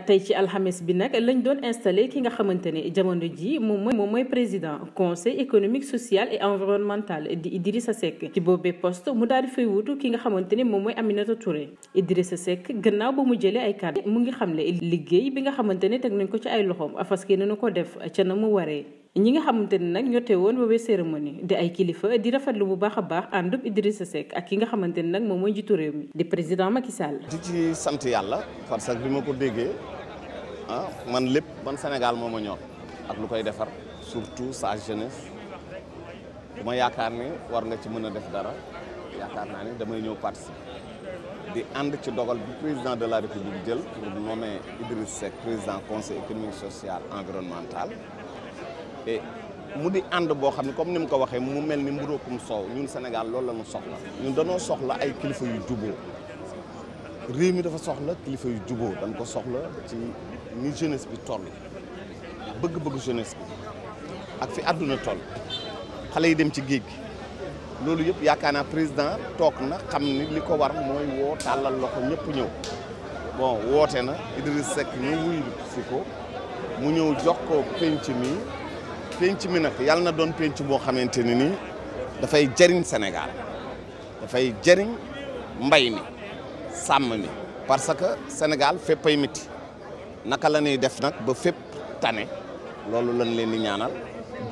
tey ci alxames bi nag lañ doon installé ki nga xamante ne jamono ji moom mooy moom mooy président conseil économique social et environnemental di sa Seck ci boobee poste mu daal di fay wutu ki nga xamante ne moom mooy Aminata Touré sa Seck gannaaw ba mu jëlee ay kàddu mu ngi xamle liggéey bi nga xamante ne teg nañ ko ci ay loxoom fas yéene na ko def ca na mu waree. ñi nga xamante ne nag ñote woon woowee cérémonie di ay kilifa di rafetlu bu baax a baax àndub Idrissa Seck ak ki nga xamante ne nag moom mooy njiitu réew mi di président Macky Sall. di ci sant yàlla parce que bi ma ko déggee ah man lépp man Sénégal moom ma ñor ak lu koy defar surtout sa jeunesse bu ma yaakaar ni war nga ci mën a def dara yaakaar naa ne damay ñëw participer. di ànd ci dogal bi président de la république jël pour nommer Idriss Seck président conseil économique social environnemental mu di ànd boo xam ne comme ni ko waxee mu mel ni mburokum soow ñun Sénégal loolu la ñu soxla ñun danoo soxla ay kilifa yu juboo réew mi dafa soxla kilifa yu juboo dañ ko soxla ci ni jeunesse bi toll bëgg-bëgg jeunesse bi ak fi àdduna toll xale yi dem ci géej gi loolu yëpp yaakaar naa président toog na xam ni li ko war mooy woo tàllal loxo ñëpp ñëw bon woote na Idriss Seck ñu wuyu si ko mu ñëw jox ko penc penc mi nag yàlla na doon penc boo xamante ne nii dafay jariñ Sénégal dafay jëriñ mbay mi sàmm mi parce que Sénégal ay miti naka la ñuy def nag ba fépp tane loolu lañ leen di ñaanal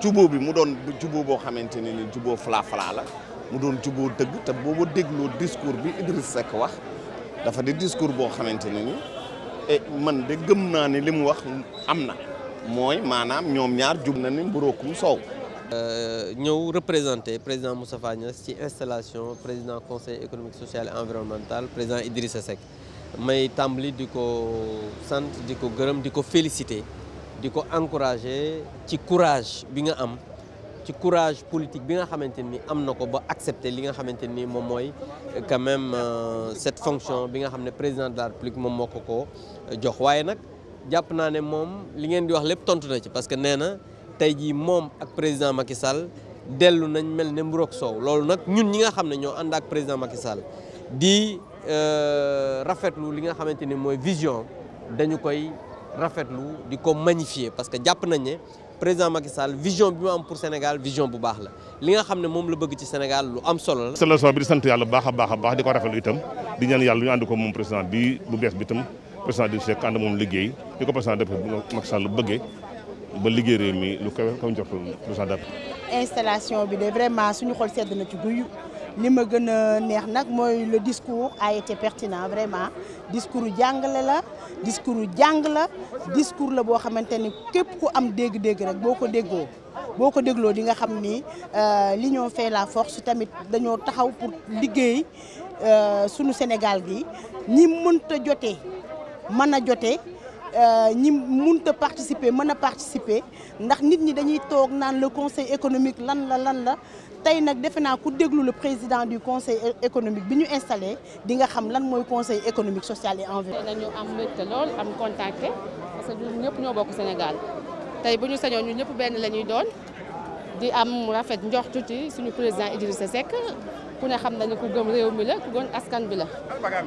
jubóo bi mu doon jubóo boo xamante ne nii jubóo falaa-falaa la mu doon jubóo dëgg te boobu dégloo discours bi Idriss Seck wax dafa di discours boo xamante ni eh, man de gëm naa ni li mu wax am na mooy maanaam ñoom ñaar jub na ni mburokum soow euh, ñëw représenter président Moustapha Niass ci installation président conseil économique social et environnemental président Idrissa Seck may tàmbali di ko sant di ko gërëm di ko félicité di ko encouragé ci courage bi nga am ci courage politique bi nga xamante ni am na ko ba accepter li nga xamante ni moom mooy quand même euh, cette fonction bi nga xam ne président de la République moom moo ko ko jox waaye nag jàpp naa ne moom li ngeen di wax lépp tontu na ci parce que nee na tey jii moom ak président Macky Sall dellu nañ mel ne mburoog soow loolu nag ñun ñi nga xam ne ñoo ànd ak président Macky Sall di euh, rafetlu li nga xamante ni mooy vision dañu koy rafetlu di ko magnifier parce que jàpp nañ ne président Macky Sall vision bi mu am pour Sénégal vision bu baax la li nga xam ne moom la bëgg ci Sénégal lu am solo la. solution bi di sant yàlla bu baax a baax a baax di ko rafetlu itam di ñaan yàlla ànd ko moom président bi bu bees bi itam. président di Seck ànd moom liggéey ni ko président def Macky Sall ba liggéey réew mi lu kawe kaw njort président def installation bi de vraiment suñu xol sedd na ci guyu li ma gën a neex nag mooy le discours a été pertinent vraiment discours jàngale la discours jàng la discours la boo xamante ni képp ku am dégg-dégg rek boo ko déggoo boo ko dégloo di nga xam ni li euh, l'union fait la force tamit dañoo taxaw pour liggéey euh, sunu Sénégal gi ñi mënta jotee mën a jotee euh, ñi munta participer mën a participer ndax nit ñi dañuy toog naan le conseil économique lan la lan la tey nag defe naa ku déglu le président du conseil économique bi ñu installé di nga xam lan mooy conseil économique social et environnemental. nañu am mbégte lool am contacté parce que ñun ñëpp ñoo bokk Sénégal tey bu ñu sañoon ñun ñëpp benn la ñuy doon. di am rafet njortu ci suñu président Idrissa Seck ku ne xam na ni ku gëm réew mi la ku gën askan bi la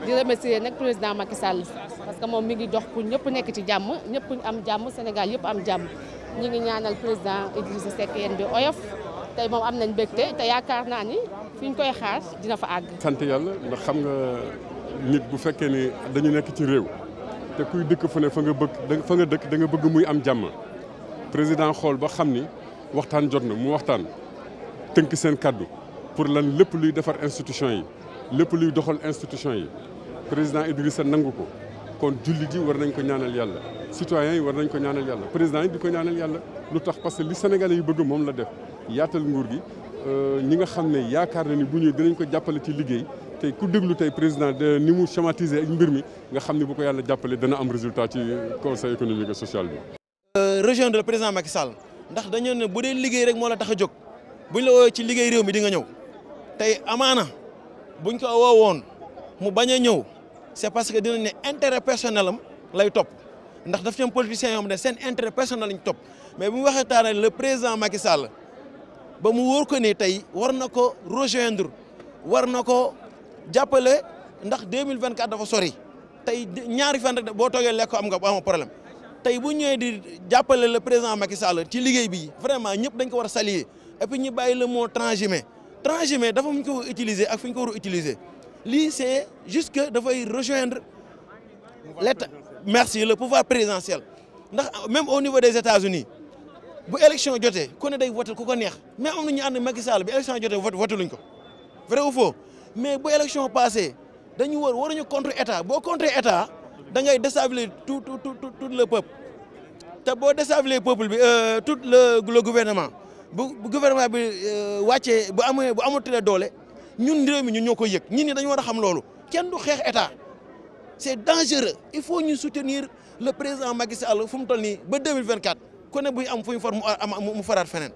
di remercier nag président Macky Sall parce que moom mi ngi jox pour ñëpp nekk ci jàmm ñëpp am jàmm Sénégal yëpp am jàmm ñi ngi ñaanal président Idrissa Seck yéen bi oyof tey moom am nañ mbégte te yaakaar naa ni fi ñu koy xaar dina fa àgg. sant yàlla ndax xam nga nit bu fekkee ne dañu nekk ci réew te kuy dëkk fu ne fa nga bëgg fa nga dëkk danga bëgg muy am jàmm président xool ba xam ni. waxtaan jot na mu waxtaan tënk seen kàddu pour lan lépp luy defar institution yi lépp luy doxal institution yi président Idrissa nangu ko kon jullit yi war nañ ko ñaanal yàlla citoyens yi war nañ ko ñaanal yàlla président yi di ko ñaanal yàlla lu tax parce que li sénégalais yi bëgg moom la def yaatal nguur gi euh, ñi nga xam ne yaakaar na ni bu ñëwee dinañ ko jàppale ci liggéey tey ku déglu tey président ni mu schématiser ak mbir mi nga xam ne bu ko yàlla jàppale dana am résultat ci conseil économique et social bi. Euh, rejoindre le président Macky Sall. ndax dañoo ne bu dee liggéey rek moo la tax a jóg buñ la woowee ci liggéey réew mi di nga ñëw tey amaana buñ ko woo woon mu bañ a ñëw c'est parce que dinañ ne intérêt personnel am lay topp ndax daf ci am politiciens ne seen intérêt personnel ñu topp mais bu mu waxee taane le président Macky Sall ba mu wóor ko ne tey war na ko rejoindre war na ko jàppale ndax 2024 dafa sori tey ñaari fan rek boo toogee lekko am nga am problème. tey bu ñëwee di jàppale le président Macky Sall ci liggéey bi vraiment ñëpp dañ ko war a saluer et puis ñu bàyyi le mot transhumé transhumé dafa mu ko utiliser ak fu ñu ko war a utiliser lii est juste que dafay rejoindre l' état merci le pouvoir présidentiel ndax même au niveau des États-Unis bu élection jotee ku ne day voté ku ko neex mais am na ñu ànd Macky Sall bi élection jotee voté luñ ko vrai ou faux mais bu élection passé dañu war waruñu contre état boo contre état. da ngay déstabiliser tout tout tout tout le peuple te boo déstabiliser peuple bi euh, tout le le gouvernement bu gouvernement bi euh, wàccee bu amee bu amatulee doole ñun réew ñu ñun ñoo koy yëg ñun ñi dañu war a xam loolu kenn du xeex état c'est dangereux il faut ñu soutenir le président Macky Sall fu mu toll nii ba 2024 ku ne buy am fu ñu far mu am mu faraat feneen.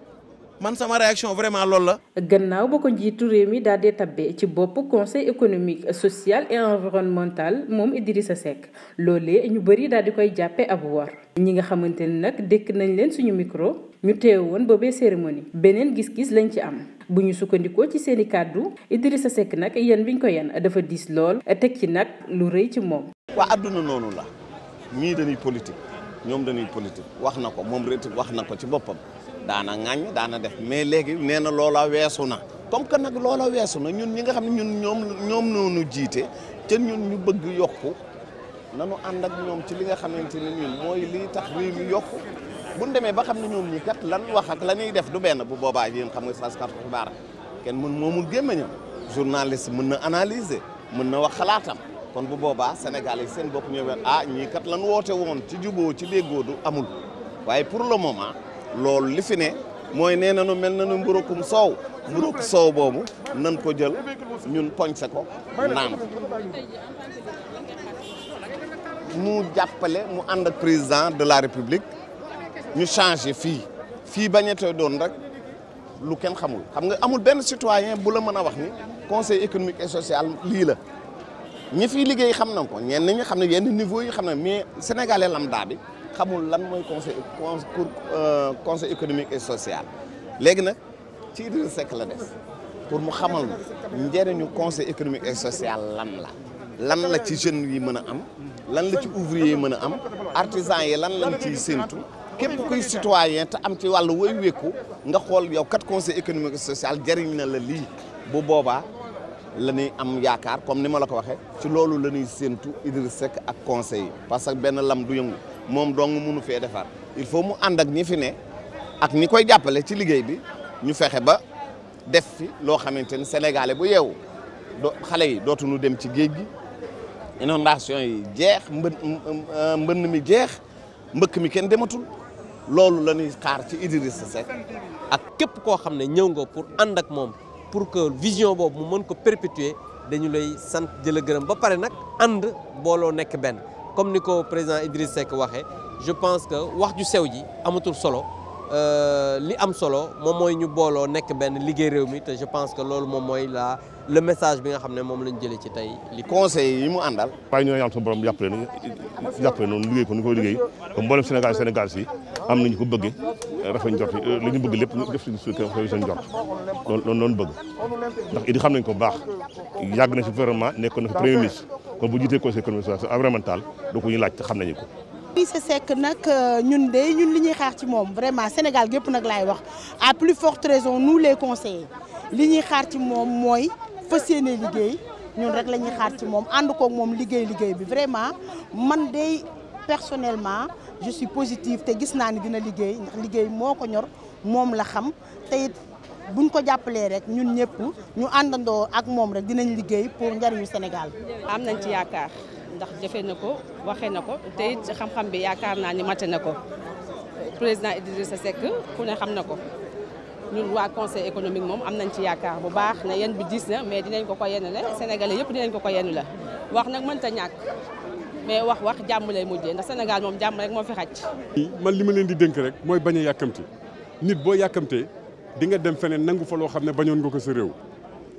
man sama réaction vraiment loolu la. gannaaw ba ko njiitu réew mi daal di tabbee ci bopp conseil économique social et environnemental moom Idrissa Seck loolee ñu bëri daal di koy jàppee ab war. ñi nga xamante ni nag dékk nañ leen suñu micro ñu teew woon boobee cérémonie beneen gis-gis lañ ci am bu ñu sukkandikoo ci seen i kàddu sa Seck nag yan bi ñu ko yan dafa diis lool teg ci nag lu rëy ci moom. waa àdduna noonu la ñii dañuy politique ñoom dañuy politique wax na ko moom rek wax na ko ci boppam. daana ŋaññ daana def mais léegi nee na loola weesu na comme que nag loola weesu na ñun ñi nga xam ne ñun ñoom ñoom noonu jiite te ñun ñu bëgg yokku nanu ànd ak ñoom ci li nga xamante ne ñun mooy lii tax réew mi yokku bu ñu demee ba xam ne ñoom ñi kat lan wax ak la ñuy def du benn bu boobaa yéen xam nga saskatu xibaar kenn mën moomul gémmañam journaliste mën na analyser mën na wax xalaatam kon bu boobaa Sénégal yi seen bopp ñëwee ah ñii kat lan woote woon ci juboo ci déggoo du amul waaye pour le moment loolu li fi ne mooy nee nañu mel na nu mburukum soow mburuk soow boobu nan ko jël ñun poñse ko naam mu jàppale mu ànd ak président de la république ñu changé fii fii bañetee doon rek lu kenn xamul xam nga amul benn citoyen bu la mën a wax ni conseil économique et social lii la ñi fiy liggéey xam nañ ko ñenn ñi xam ne yenn niveau yi xam ne mais sénégalais lambda bi xamul lan mooy conseil cour euh, conseil économique et social léegi nag ci Idrissa Seck la des pour mu xamal ñu njëriñu conseil économique et social lan la lan la ci jeunes yi mën a am lan la ci ouvrier yi mën a am artisan yi lan lañ ciy séntu képp kuy citoyen te am ci wàllu woy wékku nga xool yow kat conseil économique et social jëriñ na la lii bu boobaa la ñuy am yaakaar comme ni ma la ko waxee ci loolu la ñuy séntu Idrissa Seck ak conseil parce que benn lam du yëngu moom dong mënu fee defar il faut mu ànd ak ñi fi ne ak ñi koy jàppale ci liggéey bi ñu fexe ba def fi loo xamante ni sénégalais bu yeewu do xale yi dootuñu dem ci géej gi inondation yi jeex mbën euh, mbënn mi jeex mbëkk mi kenn dematul loolu la ñuy xaar ci Idrissa Seck ak képp koo xam ne ñëw nga pour ànd ak moom pour que vision boobu mu mën ko perpétuer dañu lay sant jëla gërëm ba pare nag ànd booloo nekk benn comme ni ko président Idriss Seck waxee je pense que wax ju sew ji amatul solo euh, li am solo moom mooy ñu booloo nekk benn liggéey réew mi te je pense que loolu moom mooy la le message bi nga xam ne moom lañ jëlee ci tey li conseil yi mu àndal. waaye ñoo yàlla sa borom jàppale nañu jàppale noonu liggéey ko ni koy liggéey comme mboolem Sénégal Sénégal si am nañu ko bëggee rafet njort li ñu bëgg lépp ñu def suñu suñu seen njort loolu loolu bëgg ndax idi xam nañ ko baax yàgg na si gouvernement nekkoon na fi premier ministre. kon bu jiitee conseil a social environnemental doo ko ñu laaj te xam nañu ko. Idrissa Seck nag euh, ñun de ñun li ñuy xaar ci moom vraiment Sénégal gépp nag laay wax à plus forte raison nu les conseillers li ñuy xaar ci moom mooy fas yéene liggéey ñun rek la xaar ci moom ànd koog moom liggéey liggéey bi vraiment man de personnellement je suis positive te gis naa ni dina liggéey ndax liggéey moo ko ñor moom la xam te it bu buñ ko jàppalee rek ñun ñëpp ñu àndandoo ak moom rek dinañ liggéey pour njariñu Sénégal. am nañ ci yaakaar ndax jëfee na ko waxee na ko te it xam-xam bi yaakaar naa ni mate na ko président Idrissa Seck ku ne xam na ko ñun waa conseil économique moom am nañ ci yaakaar bu baax ne yéen bi diis na mais dinañ ko ko yenn la yëpp dinañ ko ko yenn la wax nag mënta ñàkk mais wax wax jàmm lay mujjee ndax Sénégal moom jàmm rek moo fi xaj. man li ma di dénk rek mooy bañ a yàkkamti nit boo yàkkamtee. di nga dem feneen nangu fa loo xam ne bañoon nga ko sa réew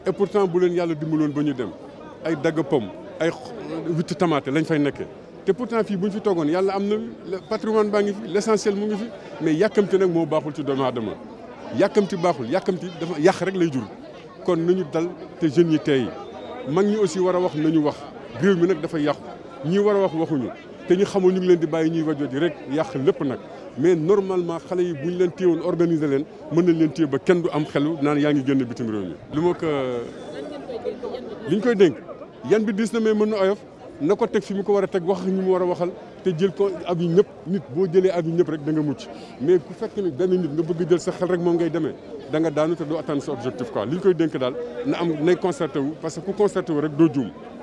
pour pourtant bu leen yàlla dimbaloon ba ñu dem ay dagg pom ay witti tamaate lañ fay nekke te pourtant fii buñ ñu fi toogoon yàlla am na patrimoine baa ngi fi l'essentiel mu ngi fi mais yàkkamti nag moo baaxul ci doomu aadama yàkkamti baaxul yàkkamti dafa yàq rek lay jur kon nañu dal te jeunes yi tey mag ñi aussi war a wax nañu wax réew mi nag dafa yàq ñii war a wax waxuñu te ñu xamul ñu ngi leen di bàyyi ñuy wajo ji rek yàq lépp nag mais normalement xale yi bu ñu leen téyewoon organiser leen mën nañ leen téye ba kenn du am xelu naan yaa ngi génn bitim réew mi. lu ma ko euh, li ñu koy dénk yan bi diis na mais mën na oyof na ko teg fi mu ko war a teg wax ñu mu war a waxal te jël ko ab yi ñëpp nit boo jëlee ab yi ñëpp rek da nga mucc mais ku fekk ni benn nit nga bëgg jël sa xel rek moom ngay deme da nga daanu te doo atteindre sa objectif quoi li ñu koy dénk daal na am nay concerté wu parce que ku concerté wu rek doo juum.